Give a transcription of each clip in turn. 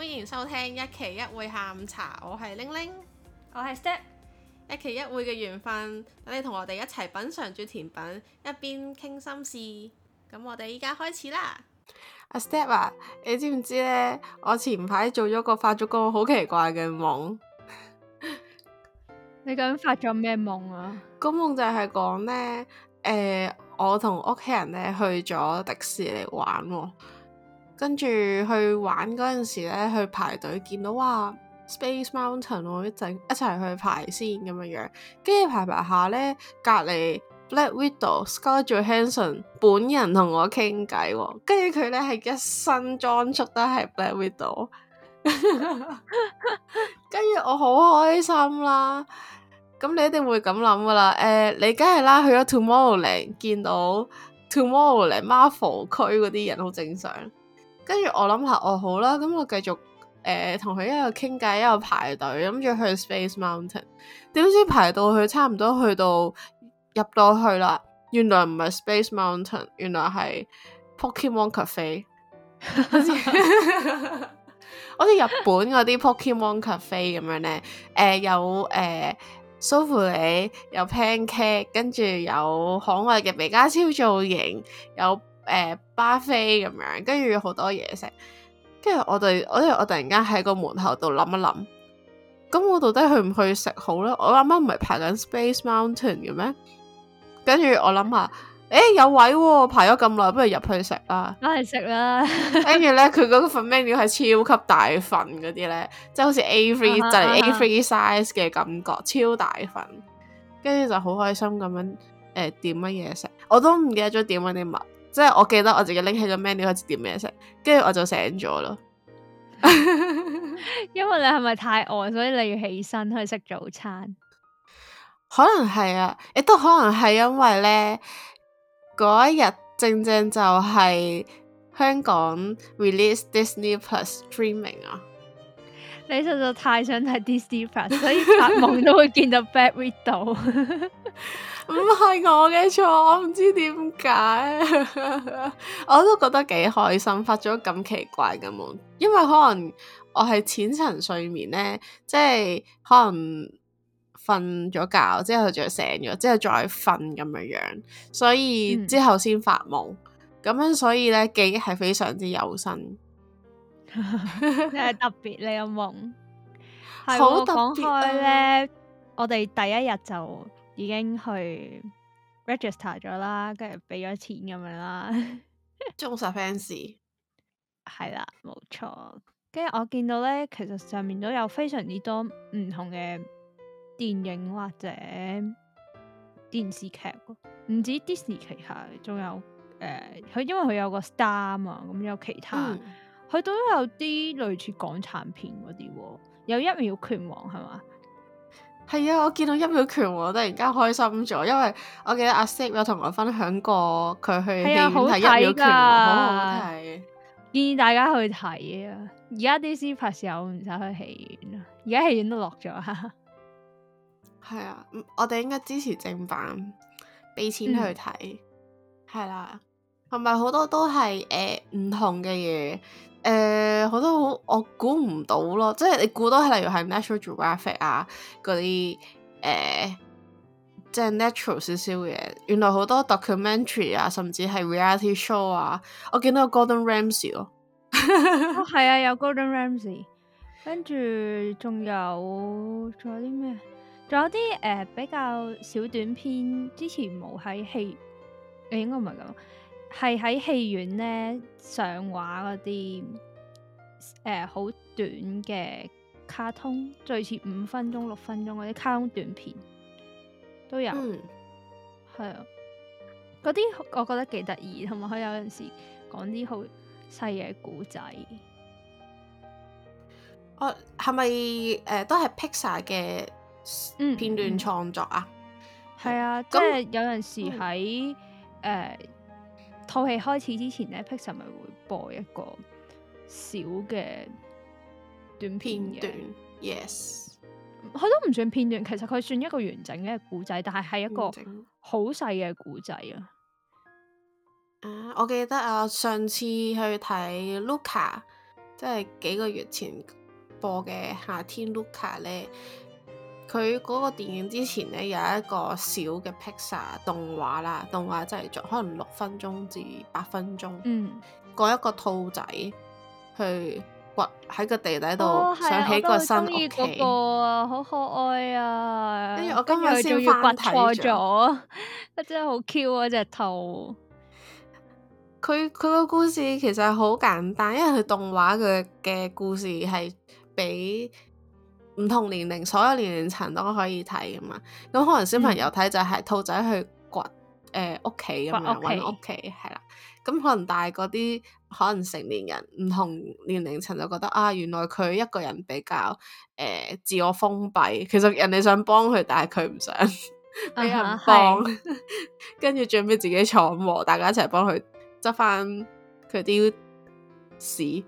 歡迎收聽一期一會下午茶，我係玲玲，我係 Step，一期一會嘅緣分，等你同我哋一齊品嘗住甜品，一邊傾心事。咁我哋依家開始啦。Step 知知 啊，你知唔知呢？我前排做咗個發咗個好奇怪嘅夢。你究竟發咗咩夢啊？個夢就係講呢，誒，我同屋企人呢去咗迪士尼玩喎。跟住去玩嗰陣時咧，去排隊見到哇，Space Mountain 喎，一陣一齊去排先咁樣樣。跟住排排下咧，隔離 Black Widow、Scarlett Johansson 本人同我傾偈喎。跟住佢咧係一身裝束都係 Black Widow，跟住我好開心啦。咁你一定會咁諗噶啦，誒、呃，你梗係啦，去咗 Tomorrowland 見到 Tomorrowland Marvel 區嗰啲人好正常。跟住我諗下哦，好啦，咁我繼續誒同佢一路傾偈，一路排隊，諗住去 Space Mountain。點知排到去差唔多去到入到去啦，原來唔係 Space Mountain，原來係 Pokémon Cafe。好似日本嗰啲 Pokémon Cafe 咁樣咧，誒有誒蘇芙里，有 pancake，跟住有可愛嘅美加超造型，有。誒、呃，巴菲咁樣，跟住好多嘢食，跟住我哋，我哋，我突然間喺個門口度諗一諗，咁我到底去唔去食好咧？我阿媽唔係排緊 Space Mountain 嘅咩？跟住我諗下，誒、欸、有位喎，哦，排咗咁耐，不如入去食啦，梗係食啦。跟住咧，佢嗰個份 menu 係超級大份嗰啲咧，即係好似 A3 就係 A3 size 嘅感覺，超大份。跟住就好開心咁樣，誒、呃、點乜嘢食？我都唔記得咗點嗰啲乜。即係我記得我自己拎起個 menu 開始點咩食，跟住我就醒咗咯。 因為你係咪太餓，所以你要起身去食早餐？可能係啊，亦都可能係因為咧嗰一日正正就係香港 release Disney Plus streaming 啊！你實在太想睇 Disney Plus，所以發夢都會見到《Bad Widow》。唔係我嘅錯，我唔知點解， 我都覺得幾開心，發咗咁奇怪嘅夢，因為可能我係淺層睡眠咧，即係可能瞓咗覺之後就醒咗，之後再瞓咁樣樣，所以之後先發夢，咁、嗯、樣所以咧記憶係非常之猶新，誒 特別你個夢，好 了特別咧、啊，我哋第一日就。已經去 register 咗啦，跟住俾咗錢咁樣啦，忠實 fans 係啦，冇錯。跟住我見到呢，其實上面都有非常之多唔同嘅電影或者電視劇，唔止 Disney 旗下，仲有誒，佢、呃、因為佢有個 star 啊嘛，咁有其他，佢都、嗯、有啲類似港產片嗰啲喎，有一秒拳王係嘛？係啊，我見到《一秒拳》我突然間開心咗，因為我記得阿 Sip 有同我分享過佢去戲院睇《一秒拳》啊，好好睇，建議大家去睇啊！而家啲先拍攝我，唔使去戲院啊！而家戲院都落咗。係啊，我哋應該支持正版，俾錢去睇，係啦、嗯。係咪好多都係誒唔同嘅嘢誒，好、呃、多好我估唔到咯，即係你估到係例如係 Natural Geographic 啊嗰啲誒，即係 natural 少少嘅，原來好多 documentary 啊，甚至係 reality show 啊，我見到有 Gordon Ramsay 咯，係、 哦、啊，有 Gordon Ramsay，跟住仲有仲有啲咩，仲有啲誒、呃、比較小短片，之前冇喺戲，你應該唔係咁。係喺戲院咧上畫嗰啲誒好短嘅卡通，最似五分鐘、六分鐘嗰啲卡通短片都有。係、嗯、啊，嗰啲我覺得幾得意，同埋佢有陣時講啲好細嘅故仔。哦、啊，係咪誒都係 Pixar 嘅片段創作啊？係、嗯嗯、啊，嗯、即係有陣時喺誒。嗯呃套戲開始之前呢 Pixar 咪會播一個小嘅短片嘅，Yes，佢都唔算片段，其實佢算一個完整嘅故仔，但係係一個好細嘅故仔啊！整啊，我記得啊，上次去睇 Luca，即係幾個月前播嘅《夏天 Luca》咧。佢嗰個電影之前呢，有一個小嘅 Pixar 動畫啦，動畫真係做可能六分鐘至八分鐘。嗯，一個兔仔去掘喺個地底度，哦、想起個新屋企族。我都中意嗰個啊，好可愛啊！跟住我今日先翻睇咗，真係好 Q 啊隻兔。佢佢個故事其實好簡單，因為佢動畫佢嘅故事係俾。唔同年齡，所有年齡層都可以睇噶嘛。咁、嗯、可能小朋友睇就係兔仔去掘誒屋、呃、企咁樣搵屋家企，係啦。咁、嗯、可能大個啲可能成年人唔同年齡層就覺得啊，原來佢一個人比較誒、呃、自我封閉。其實人哋想幫佢，但係佢唔想俾人幫，跟住最尾自己闖禍。大家一齊幫佢執翻佢啲。屎，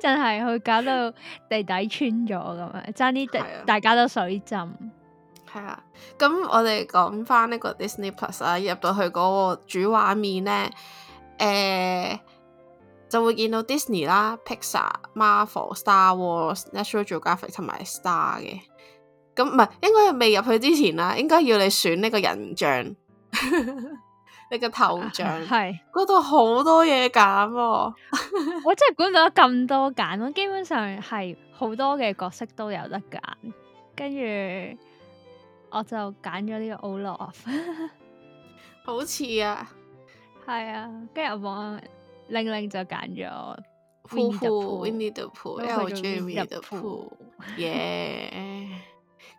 真係去搞到地底穿咗咁樣！爭啲，大家都水浸。係啊，咁我哋講翻呢個 Disney Plus 啊，入到去嗰個主畫面咧，誒，就會見到 Disney 啦、Pixar、Marvel、Star Wars、National Geographic 同埋 Star 嘅。咁唔係，應該未入去之前啦，應該要你選呢個人像。你個頭像係嗰度好多嘢揀、啊， 我真係估到咁多揀、啊，我基本上係好多嘅角色都有得揀，跟住我就揀咗呢個 Olaf， 好似啊，係啊，跟住我王玲玲就揀咗夫夫，We need the pool，又係耶！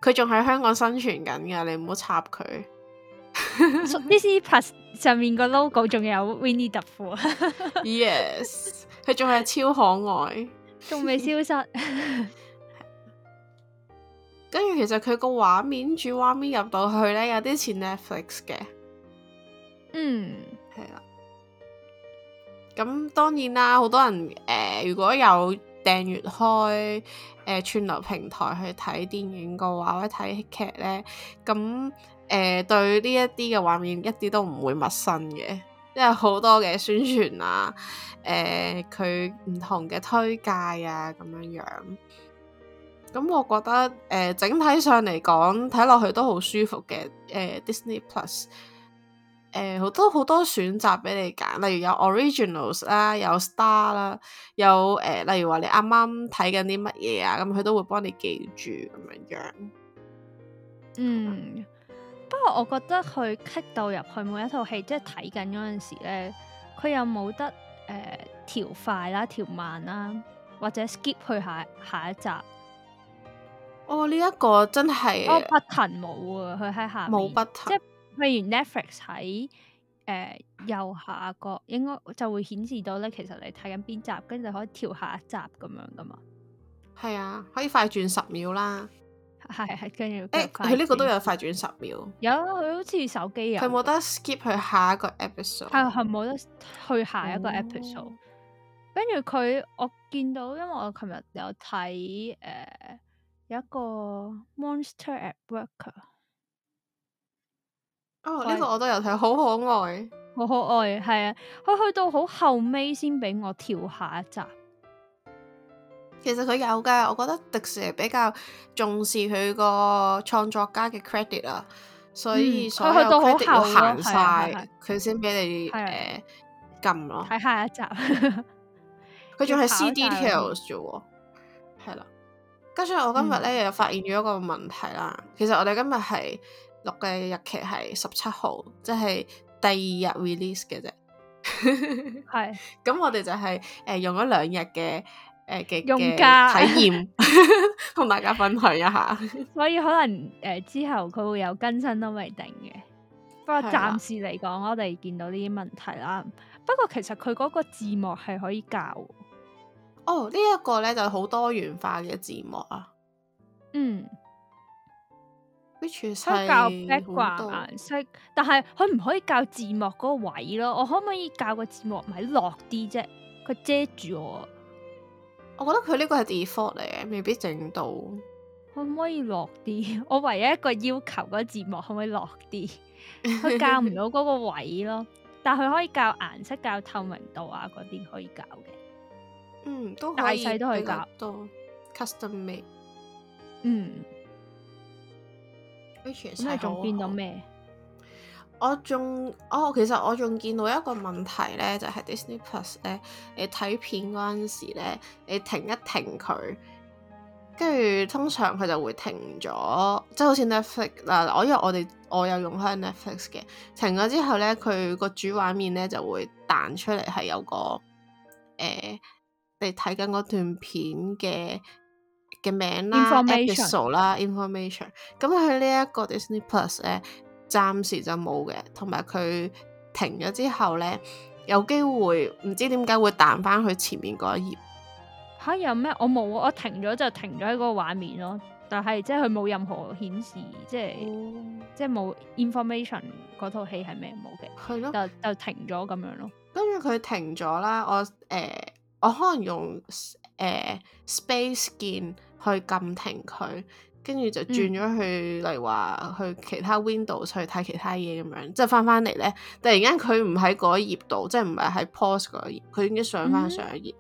佢仲喺香港生存緊噶，你唔好插佢。呢支 p a s s Plus, 上面個 logo 仲有 Winnie the Pooh ，Yes，佢仲係超可愛，仲未 消失。跟 住 其實佢個畫面，主畫面入到去呢，有啲似 Netflix 嘅。嗯，係啦、啊。咁當然啦，好多人誒、呃，如果有訂閱開誒、呃、串流平台去睇電影嘅話，或者睇劇呢，咁。誒、呃，對呢一啲嘅畫面一啲都唔會陌生嘅，因為好多嘅宣傳啊，誒、呃，佢唔同嘅推介啊，咁樣樣。咁、嗯、我覺得誒、呃，整體上嚟講，睇落去都好舒服嘅。誒、呃，Disney Plus，誒、呃，好多好多選擇俾你揀，例如有 Originals 啦，有 Star 啦，有誒、呃，例如話你啱啱睇緊啲乜嘢啊，咁佢都會幫你記住咁樣樣。嗯。不過我覺得佢 cut 到入去每一套戲，即係睇緊嗰陣時咧，佢又冇得誒、呃、調快啦、調慢啦，或者 skip 去下下一集。哦，呢、這、一個真係。哦，button 冇啊，佢喺下冇 button。即係譬如 Netflix 喺誒、呃、右下角，應該就會顯示到咧，其實你睇緊邊集，跟住就可以調下一集咁樣噶嘛。係啊，可以快轉十秒啦。係，跟住誒，佢呢、欸、個都有快轉十秒，有佢好似手機啊。佢冇得 skip 去下一個 episode。係係冇得去下一個 episode。跟住佢，我見到，因為我琴日有睇誒、呃、有一個 monster at work、啊。哦，呢個我都有睇，好可愛，好可愛，係啊！佢去到好後尾先俾我跳下一集。其實佢有噶，我覺得迪士尼比較重視佢個創作家嘅 credit 啊，所以所有 credit 要行晒，佢先俾你誒撳、嗯呃、咯。睇下一集，佢仲係 C details 啫，係啦。跟、嗯、住、嗯、我今日咧又發現咗一個問題啦，其實我哋今日係錄嘅日期係十七號，即係第二日 release 嘅啫。係 是，咁我哋就係、是、誒、呃、用咗兩日嘅。誒用家體驗，同大家分享一下。 所以可能誒、呃、之後佢會有更新都未定嘅，不過暫時嚟講，的我哋見到呢啲問題啦。不過其實佢嗰個字幕係可以校。哦，這個、呢一個咧就好、是、多元化嘅字幕啊。嗯 which 係校 background 顏色，多但係佢唔可以校字幕嗰個位咯。我可唔可以校個字幕咪落啲啫？佢遮住我。我覺得佢呢個係 default 嚟嘅，未必整到。可唔可以落啲？我唯一一個要求嗰字幕可唔可以落啲？佢較唔到嗰個位咯， 但佢可以較顏色、較透明度啊，嗰啲可以較嘅。嗯，都大細都可以較。都 customise。Custom made 嗯。咁你仲變到咩？我仲哦，其實我仲見到一個問題咧，就係 Disney Plus 咧，你睇片嗰陣時咧，你停一停佢，跟住通常佢就會停咗，即係好似 Netflix 嗱、啊，我因為我哋我有用開 Netflix 嘅，停咗之後咧，佢個主畫面咧就會彈出嚟，係有個誒你睇緊嗰段片嘅嘅名啦，information 啦，information，咁佢呢一個 Disney Plus 咧。暫時就冇嘅，同埋佢停咗之後呢，有機會唔知點解會彈翻去前面嗰一頁。吓、啊？有咩？我冇啊！我停咗就停咗喺嗰個畫面咯，但係即係佢冇任何顯示，即係、哦、即係冇 information 嗰套戲係咩冇嘅，就就停咗咁樣咯。跟住佢停咗啦，我誒、呃、我可能用誒、呃、space 鍵去撳停佢。跟住就轉咗去，例如話去其他 Window 去睇其他嘢咁樣，即係翻翻嚟咧，突然間佢唔喺嗰頁度，即係唔係喺 Pause 嗰頁，佢已經上翻上一頁。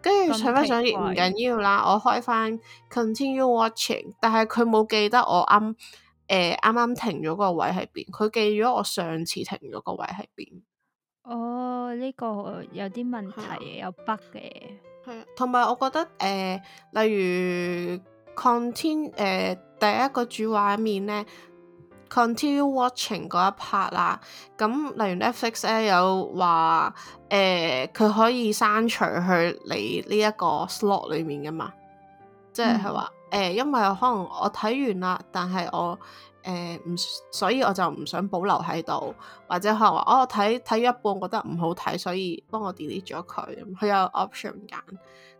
跟住、嗯、上翻上頁唔緊要啦，我開翻 Continue Watching，但係佢冇記得我啱誒啱啱停咗個位喺邊，佢記咗我上次停咗個位喺邊。哦，呢、這個有啲問題嘅，啊、有 bug 嘅。係啊，同埋我覺得誒、呃，例如。continue 誒、呃、第一個主畫面咧，continue watching 嗰一 part 啦。咁、嗯、例如 Netflix 咧有話誒，佢、呃、可以刪除去你呢一個 slot 裡面嘅嘛。即係係話誒，因為可能我睇完啦，但係我誒唔、欸，所以我就唔想保留喺度，或者可能話哦睇睇咗一半覺得唔好睇，所以幫我 delete 咗佢。佢有 option 揀。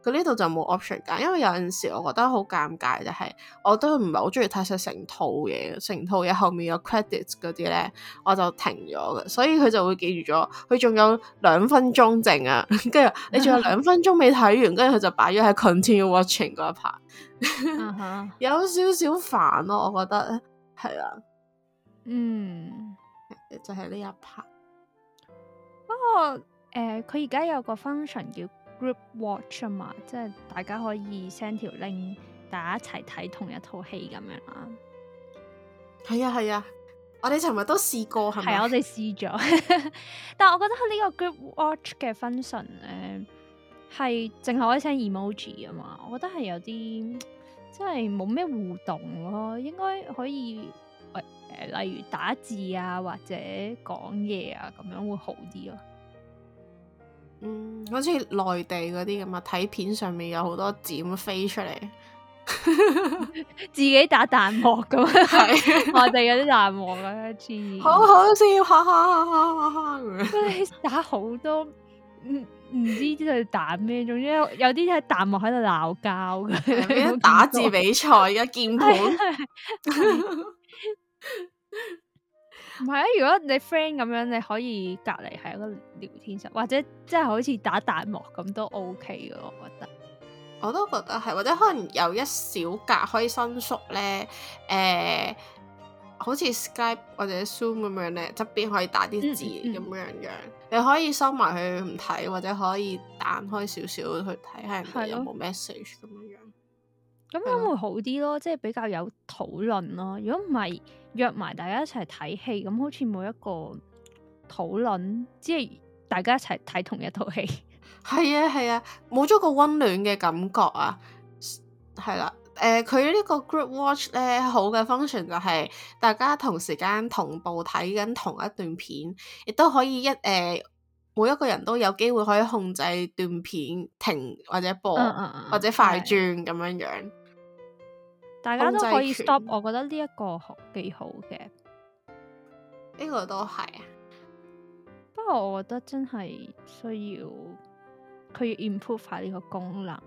佢呢度就冇 option 㗎，因為有陣時我覺得好尷尬、就是，就係我都唔係好中意睇晒成套嘢，成套嘢後面有 credits 嗰啲咧，我就停咗嘅，所以佢就會記住咗，佢仲有兩分鐘剩啊，跟 住你仲有兩分鐘未睇完，跟住佢就擺咗喺 continue watching 嗰一排，uh huh. 有少少煩咯、啊，我覺得係啊，嗯、um，就係呢一排。不過誒，佢而家有個 function 叫。Group Watch 啊嘛，即係大家可以 send 條 link，大家一齊睇同一套戲咁樣啊。係啊係啊，我哋尋日都試過係啊，我哋試咗。 但係我覺得呢個 Group Watch 嘅 function 咧、呃，係淨係可以 send emoji 啊嘛，我覺得係有啲即係冇咩互動咯。應該可以誒、呃，例如打字啊，或者講嘢啊，咁樣會好啲咯。嗯，好似內地嗰啲咁啊，睇片上面有好多字咁飛出嚟， 自己打彈幕咁，內地 有啲彈幕啊，黐線，好好笑，哈哈哈，哈，哈哈哈咁，打好多唔唔知在打咩，總之有啲喺彈幕喺度鬧交嘅， 打字比賽嘅鍵盤。 唔係啊，如果你 friend 咁樣，你可以隔籬係一個聊天室，或者即係好似打彈幕咁都 OK 嘅。我覺得，我都覺得係，或者可能有一小格可以伸縮咧。誒、呃，好似 Skype 或者 Zoom 咁樣咧，側邊可以打啲字咁、嗯嗯、樣樣。你可以收埋佢唔睇，或者可以彈開少少去睇下人哋有冇 message 咁、哦、樣樣。咁咁、嗯、會好啲咯，即係比較有討論咯。如果唔係約埋大家一齊睇戲，咁好似冇一個討論，即係大家一齊睇同一套戲。係啊係啊，冇咗、啊、個溫暖嘅感覺啊。係啦、啊、誒、呃、佢呢個 group watch 咧，好嘅 function 就係大家同時間同步睇緊同一段片，亦都可以一誒、呃、每一個人都有機會可以控制段片停或者播嗯嗯嗯，或者快轉咁樣樣。大家都可以 stop，我覺得呢一個好幾好嘅，呢個都係。不過我覺得真係需要佢要 improve 下呢個功能。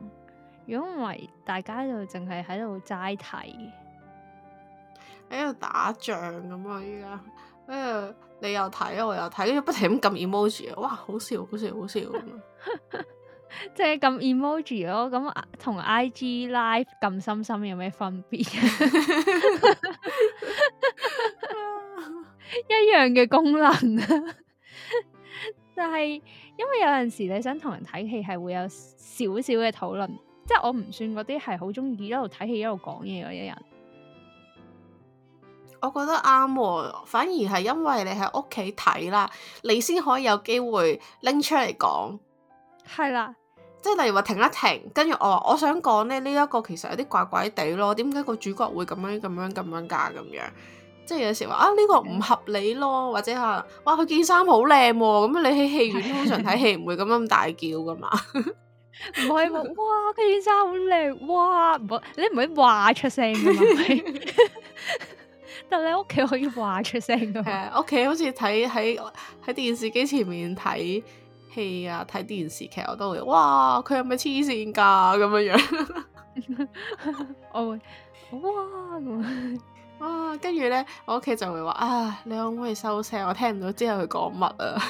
如果唔係，大家就淨係喺度齋睇，喺度打仗咁啊！依家，跟、呃、住你又睇，我又睇，跟住不停咁撳 emoji，哇！好笑，好笑，好笑咁。 即係咁 emoji 咯，咁同 IG Live 咁深深有咩分別？ 一樣嘅功能但 就係因為有陣時你想同人睇戲，係會有少少嘅討論。即係我唔算嗰啲係好中意一路睇戲一路講嘢嗰啲人。我覺得啱喎，反而係因為你喺屋企睇啦，你先可以有機會拎出嚟講。係啦，即係例如話停一停，跟住我話我想講咧呢一，這個其實有啲怪怪地咯，點解個主角會咁樣咁樣咁樣噶？咁樣即係有時話啊呢、這個唔合理咯，或者吓哇佢件衫好靚咁啊！你喺戲院通常睇戲唔會咁樣咁大叫噶嘛？唔 可以話哇佢件衫好靚哇！你唔可以話出聲噶嘛？但係你屋企可以話出聲噶嘛？屋企好似睇喺喺電視機前面睇。戲啊，睇電視劇我都會，哇 我會，哇，佢係咪黐線噶咁樣樣，我會，哇咁，哇，跟住咧，我屋企就會話啊，你可唔可以收聲，我聽唔到之後佢講乜啊？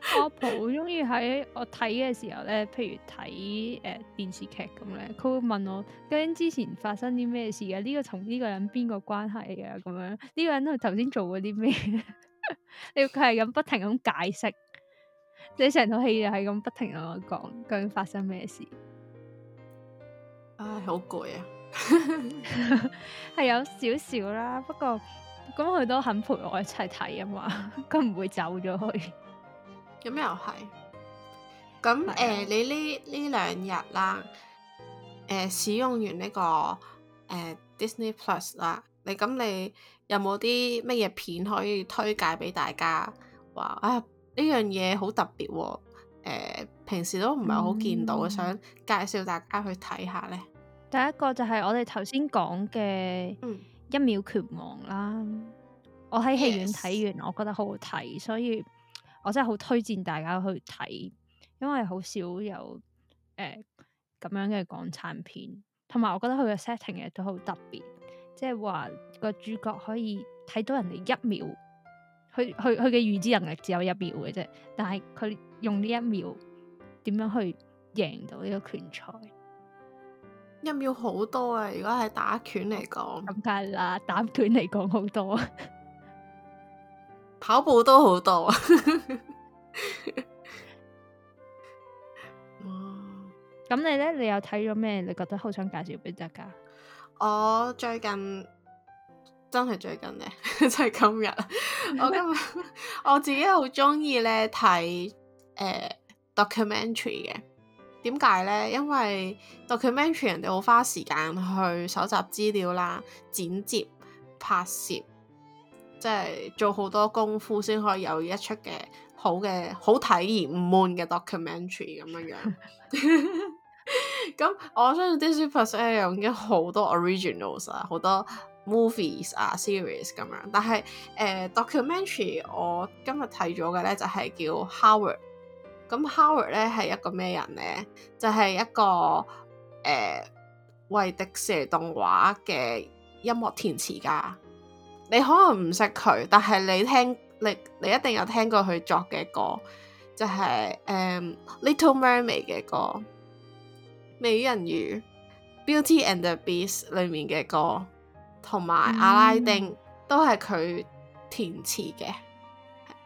阿婆我婆好中意喺我睇嘅時候咧，譬如睇誒、呃、電視劇咁咧，佢會問我，究竟之前發生啲咩事啊？呢、這個同呢個人邊個關係啊？咁樣呢、這個人都佢頭先做過啲咩？你要佢係咁不停咁解釋。成套戲又係咁不停同我講究竟發生咩事？唉、哎，好攰啊，係 有少少啦。不過咁佢都肯陪我一齊睇啊嘛，佢唔會走咗去。咁 又係。咁誒、 呃，你呢呢兩日啦，誒、呃，使用完呢、這個誒、呃、Disney Plus 啦，你咁你有冇啲乜嘢片可以推介俾大家？話啊。哎呢樣嘢好特別喎、哦呃，平時都唔係好見到，我、嗯、想介紹大家去睇下咧。第一個就係我哋頭先講嘅一秒拳王啦，我喺戲院睇完，我覺得好好睇，Yes. 所以我真係好推薦大家去睇，因為好少有誒咁、呃、樣嘅港產片，同埋我覺得佢嘅 setting 亦都好特別，即係話個主角可以睇到人哋一秒。佢佢嘅預知能力只有一秒嘅啫，但係佢用呢一秒點樣去贏到呢個拳賽？一秒好多啊！如果係打拳嚟講，咁梗係啦，打拳嚟講好多， 跑步都好多。哦、 嗯，咁你咧，你有睇咗咩？你覺得好想介紹俾大家？我最近。真係最近咧，就係今日。我今日我自己好中意咧睇誒 documentary 嘅。點解咧？因為 documentary 人哋好花時間去搜集資料啦，剪接，拍攝，即係做好多功夫先可以有一出嘅好嘅好睇而唔悶嘅 documentary 咁樣樣。咁我相信 Disney Plus 係用咗好多 originals 啊，好多。movies 啊、uh，series 咁樣，但係、uh, documentary 我今日睇咗嘅呢就係、是、叫 Howard 咁 Howard 呢係一個咩人呢？就係、是、一個誒為、uh, 迪士尼動畫嘅音樂填詞家。你可能唔識佢，但係你聽你你一定有聽過佢作嘅歌，就係、是 um,《Little Mermaid》嘅歌，《美人魚 Beauty and the Beast》裡面嘅歌。同埋阿拉丁、嗯、都係佢填詞嘅，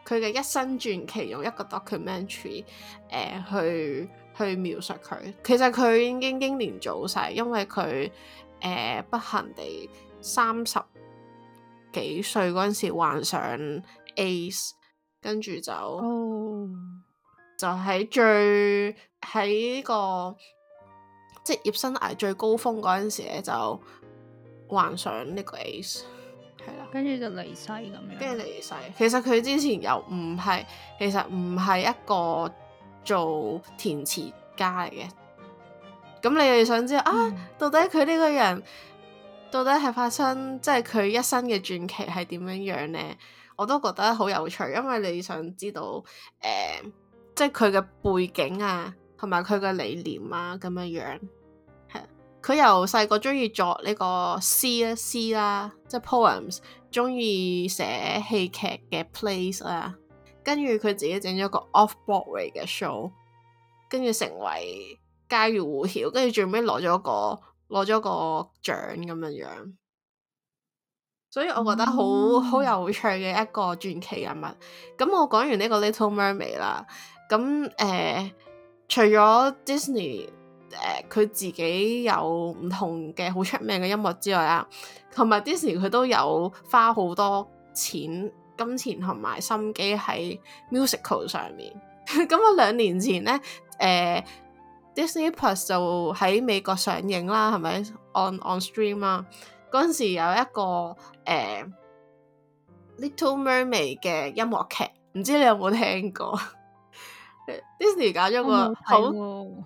佢嘅一生傳奇用一個 documentary、呃、去去描述佢。其實佢已經英年早逝，因為佢、呃、不幸地三十幾歲嗰陣時患上 AIDS 跟住就、哦、就喺最喺呢、這個職業、就是、生涯最高峰嗰陣時咧就。幻想呢個 Ace，係啦，跟住就離世咁樣，跟住離世。其實佢之前又唔係，其實唔係一個做填詞家嚟嘅。咁你又想知道啊、嗯到？到底佢呢個人到底係發生，即係佢一生嘅傳奇係點樣樣呢？我都覺得好有趣，因為你想知道，誒、呃，即係佢嘅背景啊，同埋佢嘅理念啊，咁樣樣。佢由細個中意作呢個詩啊詩啦，即係 poems，中意寫戲劇嘅 plays 啦，跟住佢自己整咗個 off Broadway 嘅 show，跟住成為家喻戶曉，跟住最尾攞咗個攞咗個獎咁樣樣。所以我覺得好好、mm hmm. 有趣嘅一個傳奇人物。咁、嗯、我講完呢個 Little Mermaid 啦，咁誒、呃、除咗 Disney，誒佢、呃、自己有唔同嘅好出名嘅音樂之外啦、啊，同埋 Disney 佢都有花好多錢、金錢同埋心機喺 musical 上面。咁 我、嗯、兩年前呢誒、呃、Disney Plus 就喺美國上映啦，係咪？On on stream 啊，嗰陣時有一個誒、呃《Little Mermaid》嘅音樂劇，唔知你有冇聽過 ？Disney 搞咗個好。嗯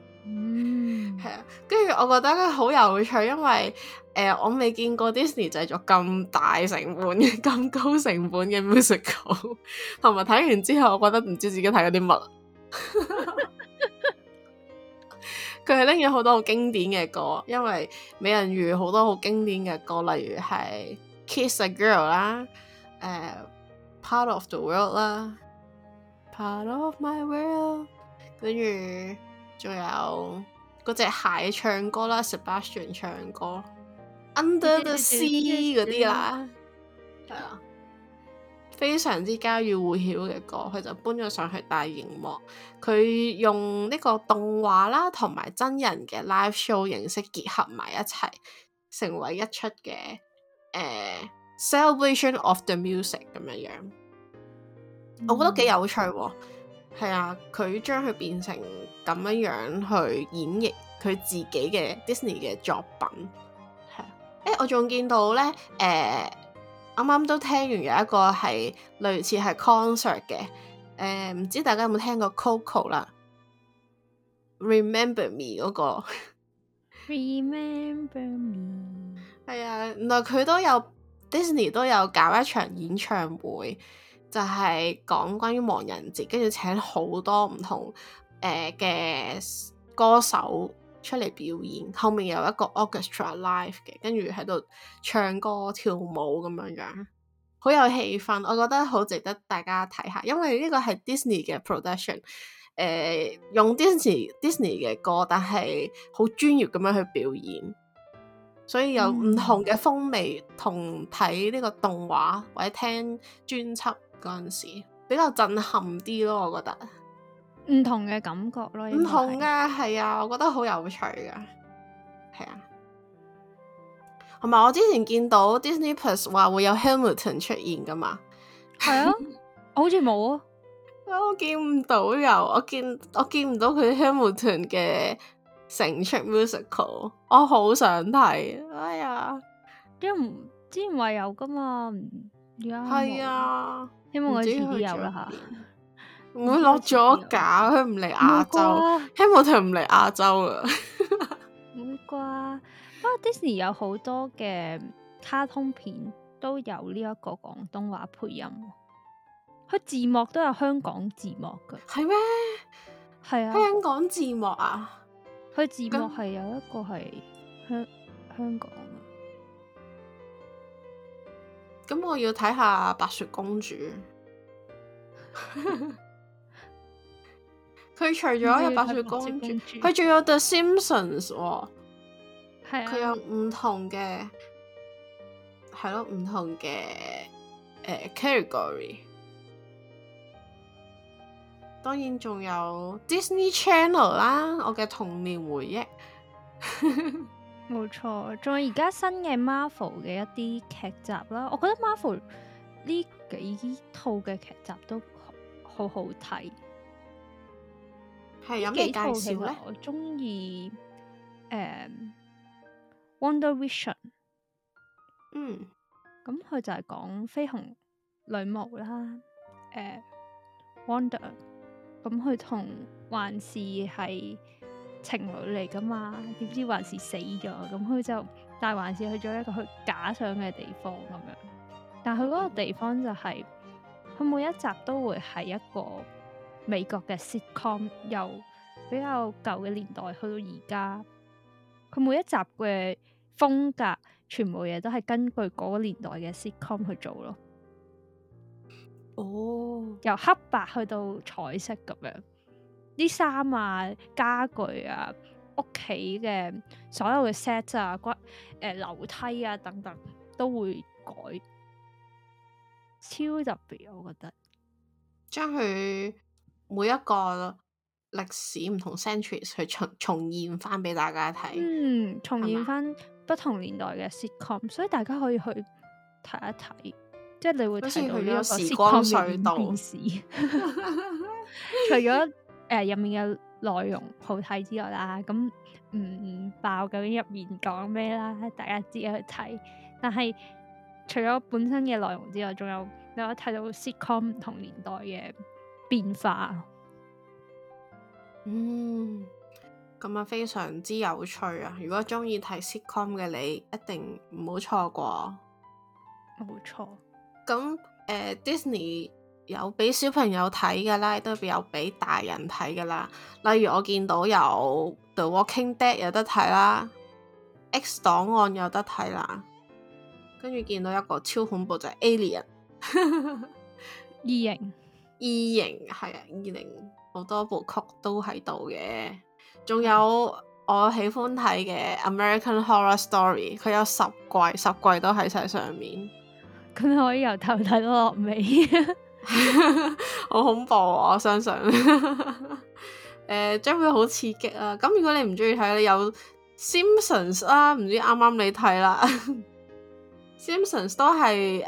嗯，係啊，跟住我覺得佢好有趣，因為誒、呃、我未見過 Disney 製作咁大成本嘅，咁高成本嘅 musical，同埋睇完之後，我覺得唔知自己睇咗啲乜。佢係拎咗好多好經典嘅歌，因為美人魚好多好經典嘅歌，例如係 Kiss a Girl 啦，誒、呃、Part of the World 啦，Part of My World，跟住。仲有嗰隻蟹唱歌啦 Sebastian 唱歌 Under the Sea 嗰啲啦，係 啊，非常之家喻戶曉嘅歌，佢就搬咗上去大熒幕，佢用呢個動畫啦，同埋真人嘅 live show 形式結合埋一齊，成為一出嘅誒、呃、Celebration of the Music 咁樣樣，我覺得幾有趣。嗯係啊，佢將佢變成咁樣樣去演繹佢自己嘅 Disney 嘅作品，係啊、欸。我仲見到咧，誒、呃，啱啱都聽完有一個係類似係 concert 嘅，誒、呃，唔知大家有冇聽過 Coco 啦，Remember Me 嗰個 ，Remember Me，係啊，原來佢都有 Disney 都有搞一場演唱會。就係講關於亡人節，跟住請好多唔同誒嘅、呃、歌手出嚟表演。後面有一個 Orchestra Live 嘅，跟住喺度唱歌跳舞咁樣樣，好有氣氛。我覺得好值得大家睇下，因為呢個係 Disney 嘅 production 誒、呃，用 Disney, Disney Disney 嘅歌，但係好專業咁樣去表演，所以有唔同嘅風味。同睇呢個動畫或者聽專輯。嗰陣時比較震撼啲咯，我覺得唔同嘅感覺咯，唔同嘅係啊，我覺得好有趣噶，係啊，同埋我之前見到 Disney Plus 話會有 Hamilton 出現噶嘛，係啊， 好似冇，啊。我見唔到有，我見我見唔到佢 Hamilton 嘅成出 musical，我好想睇，哎呀，都之前話有噶嘛，而家係啊。希望我自己入啦吓，唔會落咗架，佢唔嚟亞洲，希望佢唔嚟亞洲啊。唔會啩？ 不過、啊、Disney 有好多嘅卡通片都有呢一個廣東話配音，佢字幕都有香港字幕噶。係咩嗎？係啊，香港字幕啊。佢字幕係有一個係香香港。那香港咁我要睇下白雪公主。佢除咗有白雪公主，佢仲有 The Simpsons 喎。係啊。佢有唔同嘅，係咯，唔同嘅誒 category。當然仲有 Disney Channel 啦，我嘅童年回憶。冇錯，仲有而家新嘅 Marvel 嘅一啲劇集啦，我覺得 Marvel 呢幾套嘅劇集都好好睇。係，有咩介紹幾套我中意誒 WandaVision。嗯，咁佢就係講緋紅女巫啦，誒、呃、Wanda，咁佢同幻視係情侶嚟㗎嘛？點知還是死咗咁？佢就但係還是去咗一個佢假想嘅地方咁樣。但佢嗰個地方就係、是、佢每一集都會係一個美國嘅 sitcom，由比較舊嘅年代去到而家。佢每一集嘅風格，全部嘢都係根據嗰個年代嘅 sitcom 去做咯。哦，oh. 由黑白去到彩色咁樣。啲衫啊、家具啊、屋企嘅所有嘅 set 啊、骨、呃、誒樓梯啊等等，都會改，超特別，我覺得。將佢每一個歷史唔同 centuries 去重重，重現翻俾大家睇。嗯，重現翻不同年代嘅 sitcom，嗎所以大家可以去睇一睇，即係你會睇到呢個時光隧道。除咗誒入、呃、面嘅內容好睇之外啦，咁、嗯、唔爆究竟入面講咩啦，大家自己去睇。但係除咗本身嘅內容之外，仲有你可以睇到 sitcom 唔同年代嘅變化。嗯，咁啊非常之有趣啊！如果中意睇 sitcom 嘅你，一定唔好錯過。冇錯。咁、呃、Disney。有俾小朋友睇嘅啦，亦都有俾大人睇嘅啦。例如我見到有《The Walking Dead》有得睇啦，《X 檔案》有得睇啦，跟住見到一個超恐怖就係、是《Alien》異形，異 形，係啊，異形，好多部曲都喺度嘅。仲有我喜歡睇嘅《American Horror Story》，佢有十季，十季都喺晒上面。咁可以由頭睇到落尾 好恐怖啊！我相信，誒，將會好刺激啊！咁如果你唔中意睇，有啊，剛剛你有 Simpsons 啦，唔知啱啱你睇啦。Simpsons 都係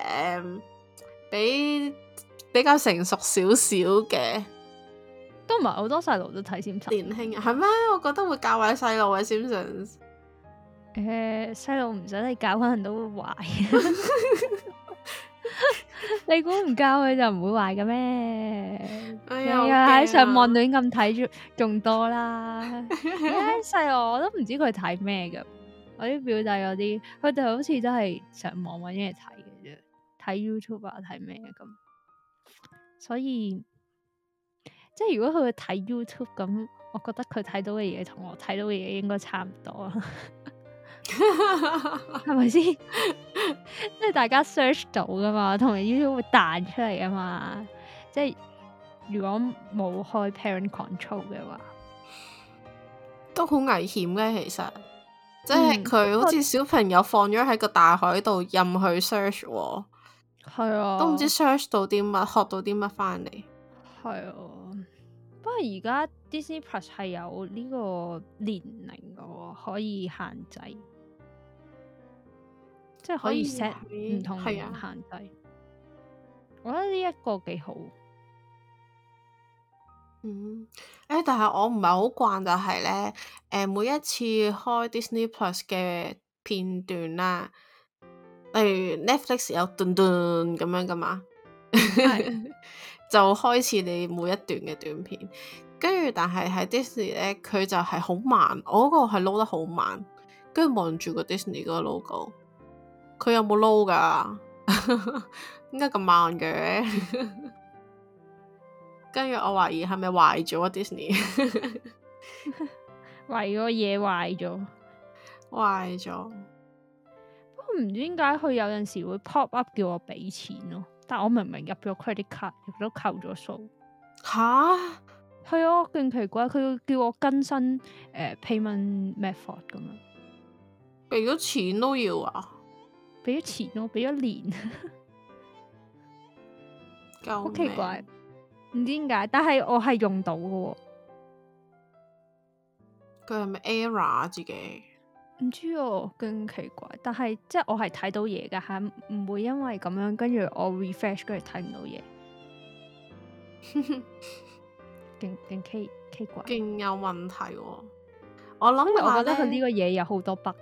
比比較成熟少少嘅，都唔係好多細路都睇 Simpsons。年輕人係咩？我覺得會教壞細路嘅 Simpsons。誒 Sim，細路唔使你教，可能都會壞。 你估唔教佢就唔會壞嘅咩？又喺、哎、呦上網亂咁睇，仲多啦。而家細我我都唔知佢睇咩嘅，我啲表弟嗰啲，佢哋好似都係上網搵嘢睇嘅啫，睇 YouTube 啊，睇咩咁。所以，即係如果佢去睇 YouTube，咁我覺得佢睇到嘅嘢同我睇到嘅嘢應該差唔多啊。 係咪先？即係 大家 search 到噶嘛，同埋 YouTube 會彈出嚟噶嘛。即係如果冇開 Parent Control 嘅話，都好危險嘅。其實，即係佢、嗯、好似小朋友放咗喺個大海度，嗯、任佢 search。係啊，都唔知 search 到啲乜，學到啲乜翻嚟。係啊，不過而家 Disney Plus 係有呢個年齡噶，可以限制。即係可以 set 唔同嘅限制，的我覺得呢一個幾好。嗯，誒、欸，但係我唔係好慣就係咧，誒、呃，每一次開 Disney Plus 嘅片段啦，例如 Netflix 有段段咁樣㗎嘛，的 就開始你每一段嘅短片。跟住但係喺 Disney 咧，佢就係好慢，我嗰個係 load 得好慢，跟住望住個 Disney 個 logo。佢有冇撈噶？點解咁慢嘅，跟 住我懷疑係咪壞咗 Disney 壞咗嘢壞咗，壞咗了。不過唔知點解佢有陣時會 pop up 叫我畀錢咯、啊，但我明明入咗 credit card，亦都扣咗數。吓哈，係啊、哦，勁奇怪，佢叫我更新、呃、payment method 咁樣，畀咗錢都要啊？俾咗錢咯、哦，俾咗年，好 命奇怪，唔知點解。但係我係用到嘅，佢係咪 error、啊、自己？唔知哦，勁奇怪。但係即係我係睇到嘢嘅，係唔會因為咁樣跟住我 refresh 跟住睇唔到嘢，勁勁奇，奇怪，勁有問題哦。我諗，我覺得佢呢個嘢有好多 bug，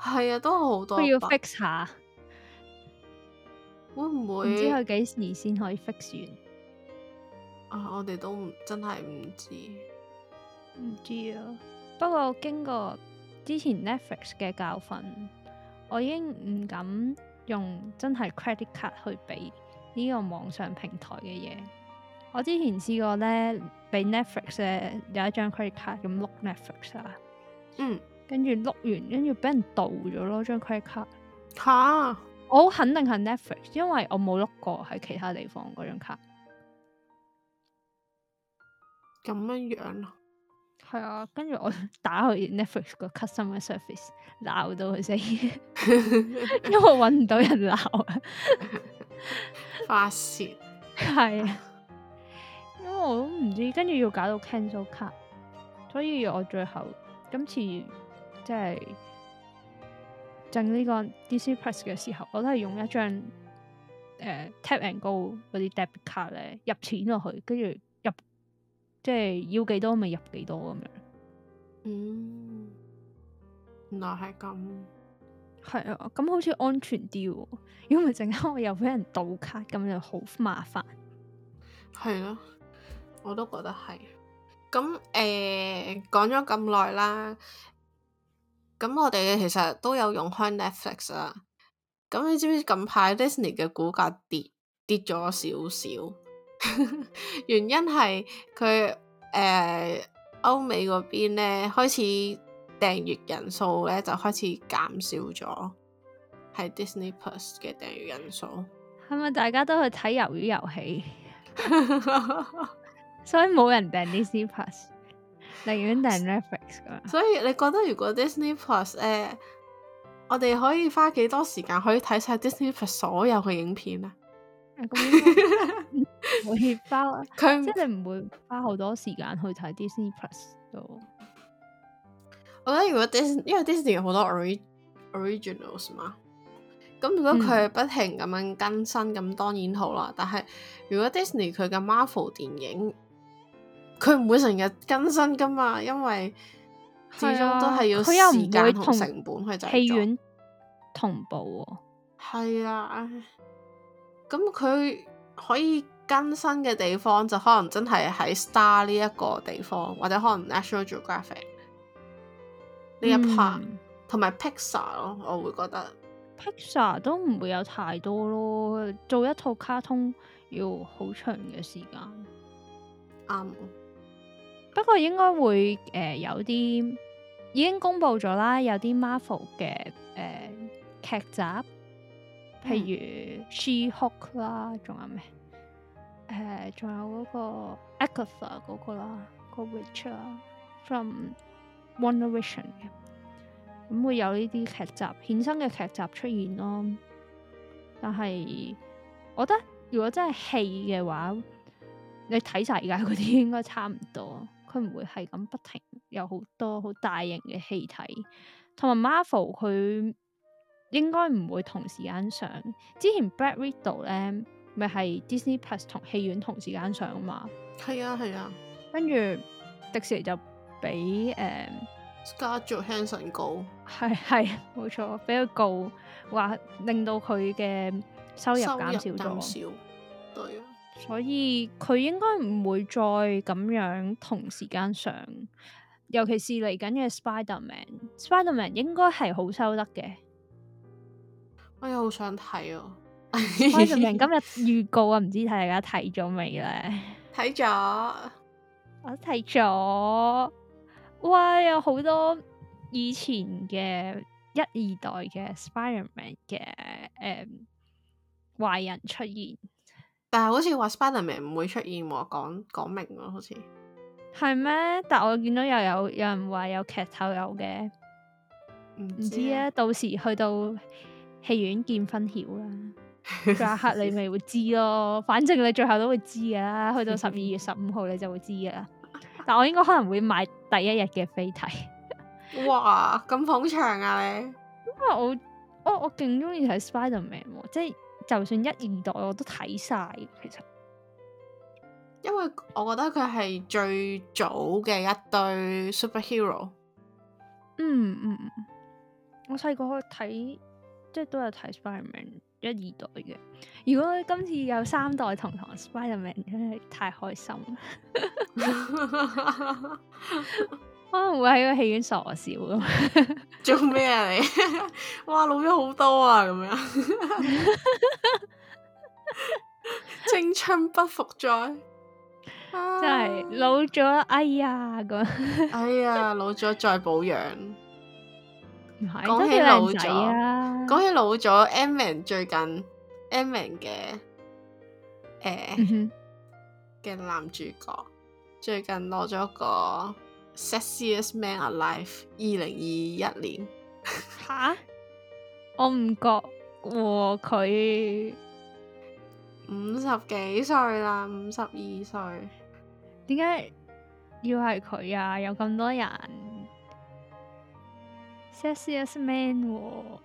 係啊，都有好多 bug。佢要 fix 下，會唔會唔知佢幾時先可以 fix 完啊？我哋都唔真係唔知唔知啊。不過經過之前 Netflix 嘅教訓，我已經唔敢用真係 credit card 去俾呢個網上平台嘅嘢。我之前試過咧俾 Netflix 咧有一張 credit card 咁碌 Netflix 啊。嗯，跟住碌完，跟住俾人盜咗咯張 credit card。吓，哈我肯定係 Netflix，因為我冇碌過喺其他地方嗰張卡。咁樣樣咯。係啊，跟住我打去 Netflix 個 customer service，鬧到佢死，因為我搵唔到人鬧啊。發洩。係啊，因為我都唔知，跟住要搞到 cancel 卡，所以我最後。今次即係整呢個 DC Press 嘅時候，我都係用一張誒 Tap and Go 嗰啲 debit 卡，咧入錢落去，跟住入即係要幾多咪入幾多咁樣。嗯，原來係咁，係啊，咁好似安全啲。如果唔係，陣間我又俾人盜卡，咁就好麻煩。係咯，啊，我都覺得係。咁誒講咗咁耐啦，咁、呃、我哋其實都有用開 Netflix 啦。咁你知唔知近排 Disney 嘅股價跌跌咗少少？ 原因係佢誒歐美嗰邊咧開始訂閱人數咧就開始減少咗，係 Disney Plus 嘅訂閱人數。係咪大家都去睇魷魚遊戲？ 所以冇人訂 Disney Plus，寧願訂 Netflix 噶。所以你覺得如果 Disney Plus，誒、呃，我哋可以花幾多時間可以睇晒 Disney Plus 所有嘅影片咧？可以包佢，即係唔會花好多時間去睇 Disney Plus 咯。我覺得如果 Disney，因為 Disney 有好多 originals 嘛，咁如果佢不停咁樣更新，咁、嗯、當然好啦。但係如果 Disney 佢嘅 Marvel 電影，佢唔會成日更新㗎嘛，因為始終都係要時間同成本，佢就戲院同步。係啊，咁佢、啊、可以更新嘅地方就可能真係喺 Star 呢一個地方，或者可能 National Geographic 呢一 part，同埋 Pixar 咯。嗯、ar, 我會覺得 Pixar 都唔會有太多咯，做一套卡通要好長嘅時間，啱、嗯。不過應該會誒、呃、有啲已經公布咗啦，有啲 Marvel 嘅誒劇、呃、集，譬如 s,、嗯、 She-Hulk 啦，仲有咩？誒、呃，仲有嗰、那個 Agatha 嗰個啦，個 Which 啦，From WandaVision 嘅，咁、嗯、會有呢啲劇集，衍生嘅劇集出現咯。但係我覺得如果真係戲嘅話，你睇晒而家嗰啲應該差唔多。佢唔會係咁不停有好多好大型嘅戲睇，同埋 Marvel 佢應該唔會同時間上。之前 Black Widow 咧，咪係 Disney Plus 同戲院同時間上嘛？係啊係啊，啊跟住著、啊、迪士尼就俾誒 Scarlett Johansson 告，係係冇錯，俾佢告話令到佢嘅收入減少咗。少。對。所以佢應該唔會再咁樣同時間上，尤其是嚟緊嘅 Spiderman。Spiderman 應該係好收得嘅。我又好想睇啊、哦、 ！Spiderman 今日預告啊，唔知睇大家睇咗未咧？睇咗了，我睇咗。哇！有好多以前嘅一二代嘅 Spiderman 嘅誒，壞、嗯、人出現。但係好似話 Spiderman 唔會出現喎，講講明咯，好似係咩？但我見到又有有人話有劇透有嘅，唔知啊，唔知啊，到時去到戲院見分曉啦。嗰 一刻你咪會知咯，反正你最後都會知噶啦。去到十二月十五號你就會知噶啦。 但我應該可能會買第一日嘅飛睇，哇， 咁捧場啊你！因為我我我勁中意睇 Spiderman，、啊、即係。就算一二代我都睇晒，其實，因為我覺得佢係最早嘅一對 superhero。嗯嗯嗯，我細個去睇即係都有睇 Spiderman 一二代嘅。如果今次有三代同堂 Spiderman，真係太開心。 可能會喺個戲院傻笑咁，做 咩啊你？ 哇，老咗好多啊，咁樣 青春不復再，真係老咗。啊、哎呀，咁哎呀老咗再保養。講 是起老咗，講、啊、起老咗 Emman 最近 Emman 嘅誒嘅男主角最近攞咗個。sexiest man alive，二零二一年。吓、 哦，我唔覺喎，佢五十幾歲啦，五十二歲，點解要係佢啊？有咁多人 sexiest man，唔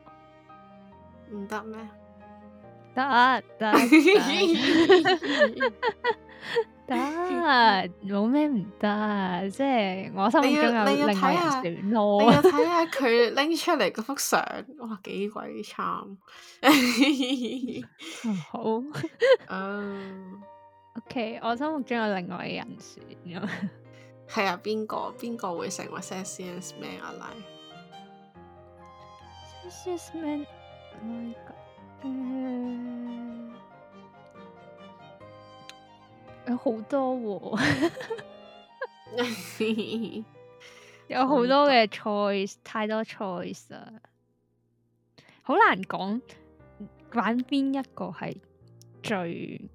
得咩？得得。得，冇咩唔得啊！即係我心目中有看看另外一段 love 你又睇下佢拎出嚟嗰幅相， 哇，幾鬼慘！好，啊、uh,，OK，我心目中有另外嘅人選。係 啊，邊個？邊個會成為 Sesame Man？阿拉，Sesame Man，哪一個？Hmm. 有好多，有好多嘅 choice，太多 choice 啊，好難講，玩邊一個係最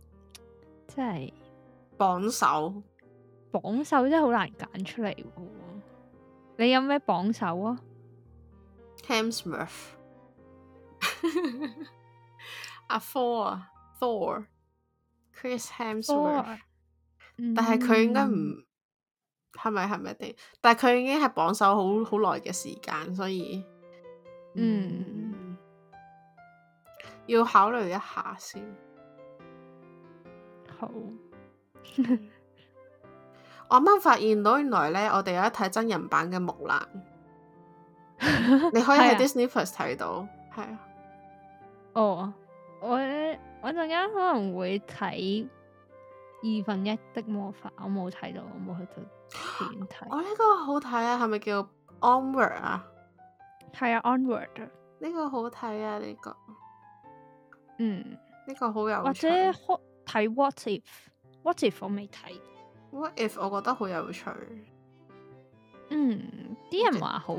即係榜首，榜首真係好手難揀出嚟。你有咩榜首啊 Hemsworth 阿 Four 啊？Thor Chris Hemsworth，oh, 但係佢應該唔係咪係咪啲？但係佢已經係榜首好好耐嘅時間，所以、mm. 嗯，要考慮一下先。好， 我啱啱發現到原來咧，我哋有一睇真人版嘅木蘭， 你可以喺 Disney Plus 睇到，係 啊，哦、啊，我。Oh, 我陣間可能會睇二分一的魔法，我冇睇到，我冇去到點睇。我呢、哦，這個好睇啊，係咪叫 Onward 啊？係啊，Onward。呢 on 個好睇啊，呢、這個。嗯，呢個好有趣。或者睇 What If？What If 我未睇。What If 我覺得好有趣。嗯，啲人話好，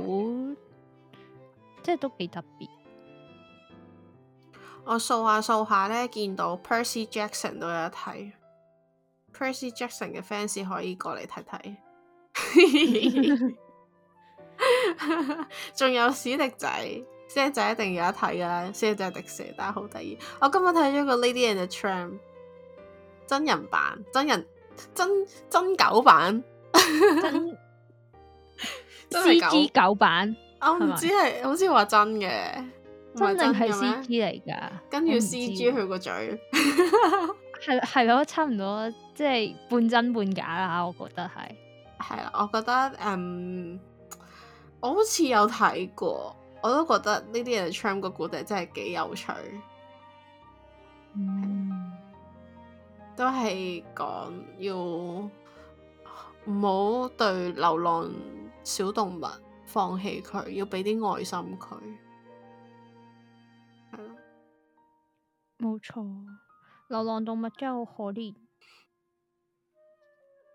即係都幾特別。我掃下掃下咧，見到 Percy Jackson 都有得睇，Percy Jackson 嘅 fans 可以過嚟睇睇。仲有史迪仔，史迪仔一定有得睇噶啦！史迪仔迪蛇，但係好得意。我今日睇咗個 Lady and the Tramp 真人版，真人真真狗版，真 CG 狗版。我唔知係，好似話真嘅。真正係 C G 嚟噶，跟住 C G 佢個的嘴，係係咯，差唔多，即係半真半假啦。我覺得係，係啦，我覺得，嗯，我好似有睇過，我都覺得呢啲嘢。Trump 個故事真係幾有趣，嗯、都係講要唔好對流浪小動物放棄佢，要俾啲愛心佢。冇錯，流浪動物真係好可憐。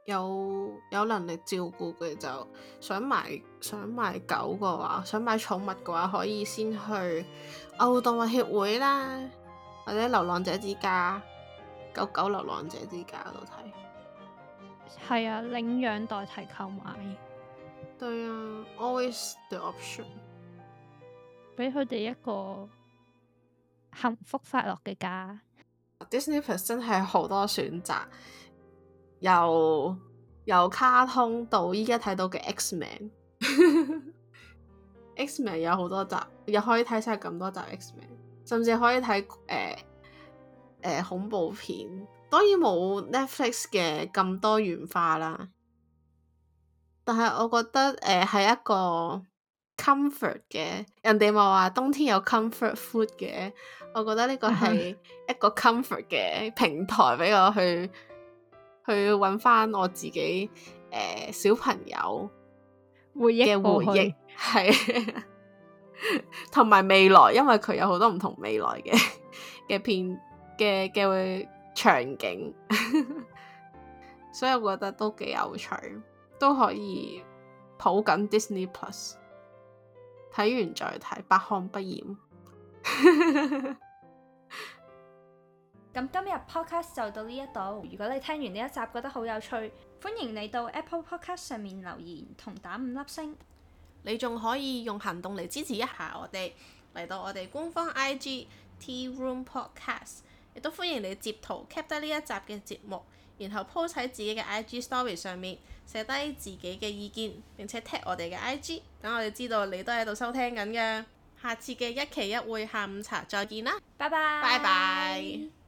有有能力照顧嘅就想買想買狗嘅話，想買寵物嘅話，可以先去牛動物協會啦，或者流浪者之家，狗狗流浪者之家嗰度睇。係啊，領養代替購買。對啊，Always the option，畀佢哋一個幸福快樂嘅家，Disney Plus 真係好多選擇，由由卡通到依家睇到嘅 X-Men，X- Men 有好多集，又可以睇晒咁多集 X-Men，甚至可以睇誒誒恐怖片，當然冇 Netflix 嘅咁多元化啦。但係我覺得誒係、呃、一個。comfort 嘅，Com 人哋咪話冬天有 comfort food 嘅，我覺得呢個係一個 comfort 嘅平台俾我去去揾翻我自己誒、呃、小朋友回憶嘅回憶，係同埋未來，因為佢有好多唔同未來嘅嘅片嘅嘅會場景， 所以我覺得都幾有趣，都可以抱緊 Disney Plus。睇完再睇，百看不厭。咁 今日 podcast 就到呢一度。如果你聽完呢一集覺得好有趣，歡迎你到 Apple Podcast 上面留言同打五粒星。你仲可以用行動嚟支持一下我哋，嚟到我哋官方 IG Tea Room Podcast，亦都歡迎你截圖 Keep 得呢一集嘅節目，然後 po 喺自己嘅 IG Story 上面。寫低自己嘅意見，並且 tag 我哋嘅 I G，等我哋知道你都喺度收聽緊嘅。下次嘅一期一會下午茶再見啦，拜拜。拜拜。